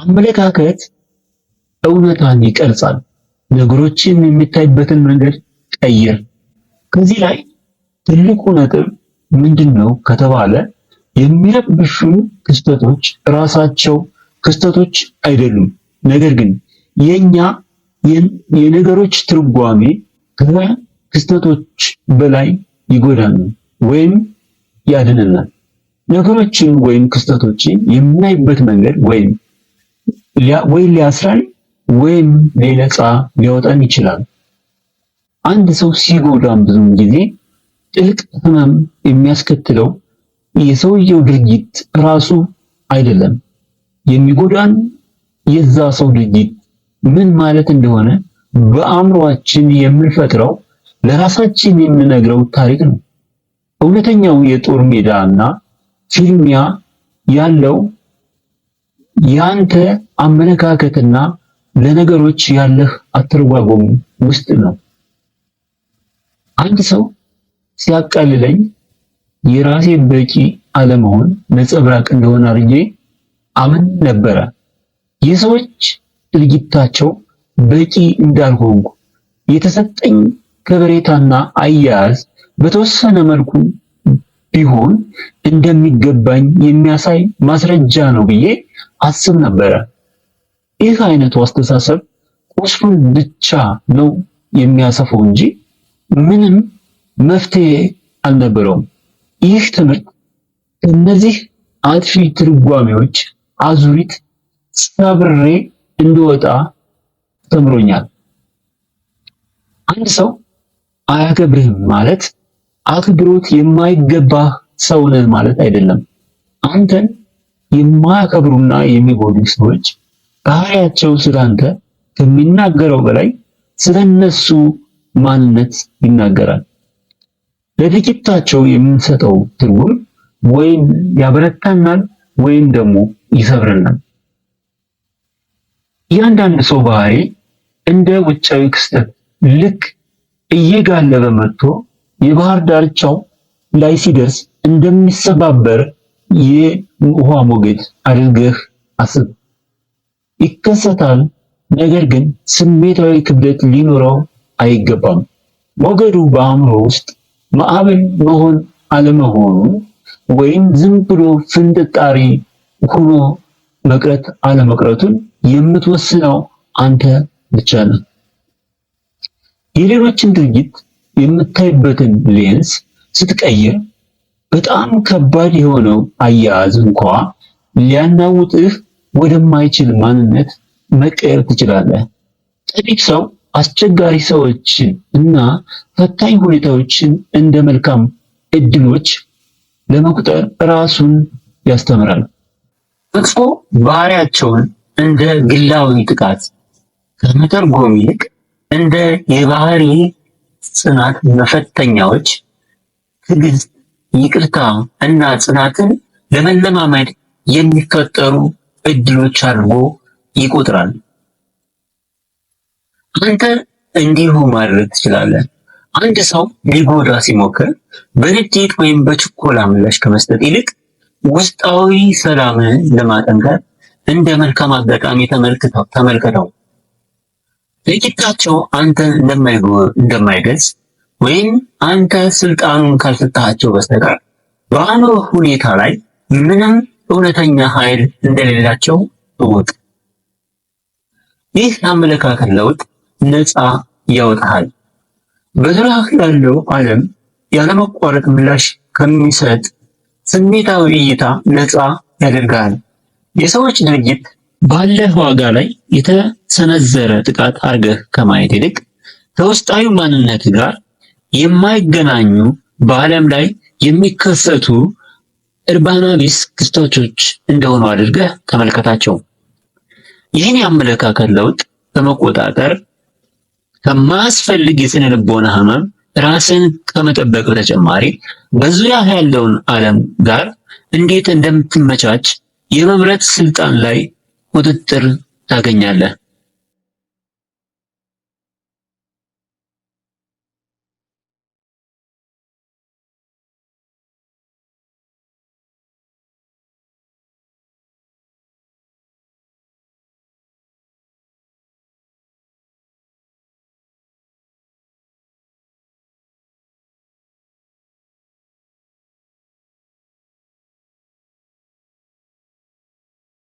አመለካከት እውነታን ይቀርጻል። ነገሮችን የሚታይበትን መንገድ ቀይር። ከዚህ ላይ ትልቁ ነጥብ ምንድን ነው ከተባለ የሚረብሹን ክስተቶች ራሳቸው ክስተቶች አይደሉም። ነገር ግን የኛ የነገሮች ትርጓሜ ከክስተቶች በላይ ይጎዳናል ወይም ያድነናል። ነገሮችን ወይም ክስተቶችን የምናይበት መንገድ ወይም ወይ ሊያስራን ወይም ሊነጻ ሊያወጣን ይችላል። አንድ ሰው ሲጎዳም ብዙውን ጊዜ ጥልቅ ህመም የሚያስከትለው የሰውየው ድርጊት ራሱ አይደለም። የሚጎዳን የዛ ሰው ድርጊት ምን ማለት እንደሆነ በአእምሯችን የምንፈጥረው ለራሳችን የምንነግረው ታሪክ ነው። እውነተኛው የጦር ሜዳና ፊልሚያ ያለው ያንተ አመለካከትና ለነገሮች ያለህ አተረጓጎም ውስጥ ነው። አንድ ሰው ሲያቃልለኝ የራሴ በቂ አለመሆን ነጸብራቅ እንደሆነ አድርጌ አምን ነበረ። የሰዎች ድርጊታቸው በቂ እንዳልሆንኩ የተሰጠኝ ከበሬታና አያያዝ በተወሰነ መልኩ ቢሆን እንደሚገባኝ የሚያሳይ ማስረጃ ነው ብዬ አስብ ነበረ። ይህ አይነቱ አስተሳሰብ ቁስሉን ብቻ ነው የሚያሰፈው እንጂ ምንም መፍትሄ አልነበረውም። ይህ ትምህርት ከእነዚህ አጥፊ ትርጓሜዎች አዙሪት ሰብሬ እንድወጣ ተምሮኛል። አንድ ሰው አያከብርህም ማለት አክብሮት የማይገባህ ሰው ነህ ማለት አይደለም። አንተን የማያከብሩና የሚጎዱ ሰዎች ባህሪያቸው ስለአንተ ከሚናገረው በላይ ስለነሱ ማንነት ይናገራል። ለድርጊታቸው የምንሰጠው ትርጉም ወይም ያበረታናል ወይም ደግሞ ይሰብረናል። እያንዳንድ ሰው ባህሪ እንደ ውጫዊ ክስተት ልክ እየጋለበ መጥቶ የባህር ዳርቻው ላይ ሲደርስ እንደሚሰባበር የውሃ ሞገድ አድርገህ አስብ። ይከሰታል፣ ነገር ግን ስሜታዊ ክብደት ሊኖረው አይገባም። ሞገዱ በአእምሮ ውስጥ ማዕበል መሆን አለመሆኑ ወይም ዝም ብሎ ፍንጥጣሪ ሆኖ መቅረት አለመቅረቱን የምትወስነው አንተ ብቻ ነህ። የሌሎችን ድርጊት የምታይበትን ሌንስ ስትቀይር በጣም ከባድ የሆነው አያያዝ እንኳ ሊያናውጥህ ወደማይችል ማንነት መቀየር ትችላለህ። ጠቢብ ሰው አስቸጋሪ ሰዎችን እና ፈታኝ ሁኔታዎችን እንደ መልካም እድሎች ለመቁጠር ራሱን ያስተምራል። መጥፎ ባህሪያቸውን እንደ ግላዊ ጥቃት ከመተርጎም ይልቅ እንደ የባህሪ ጽናት መፈተኛዎች ትግል፣ ይቅርታ እና ጽናትን ለመለማመድ የሚፈጠሩ እድሎች አድርጎ ይቆጥራል። አንተ እንዲሁ ማድረግ ትችላለህ። አንድ ሰው ሊጎዳ ሲሞክር በንዴት ወይም በችኮላ ምላሽ ከመስጠት ይልቅ ውስጣዊ ሰላምን ለማጠንከር እንደ መልካም አጋጣሚ ተመልክተው ድርጊታቸው አንተን እንደማይገልጽ ወይም አንተ ስልጣኑን ካልሰጣቸው በስተቀር በአእምሮ ሁኔታ ላይ ምንም እውነተኛ ኃይል እንደሌላቸው እወቅ። ይህ አመለካከት ለውጥ ነፃ ያወጣሃል። በዙሪያህ ያለው ዓለም ያለመቋረጥ ምላሽ ከሚሰጥ ስሜታዊ እይታ ነፃ ያደርጋል። የሰዎች ድርጊት ባለህ ዋጋ ላይ የተሰነዘረ ጥቃት አድርገህ ከማየት ይልቅ ከውስጣዊ ማንነት ጋር የማይገናኙ በዓለም ላይ የሚከሰቱ እርባና ቢስ ክስተቶች እንደሆኑ አድርገህ ተመልከታቸው። ይህን የአመለካከት ለውጥ በመቆጣጠር ከማያስፈልግ የስነ ልቦና ህመም ራስን ከመጠበቅ በተጨማሪ በዙሪያ ያለውን ዓለም ጋር እንዴት እንደምትመቻች የመምረጥ ስልጣን ላይ ቁጥጥር ታገኛለህ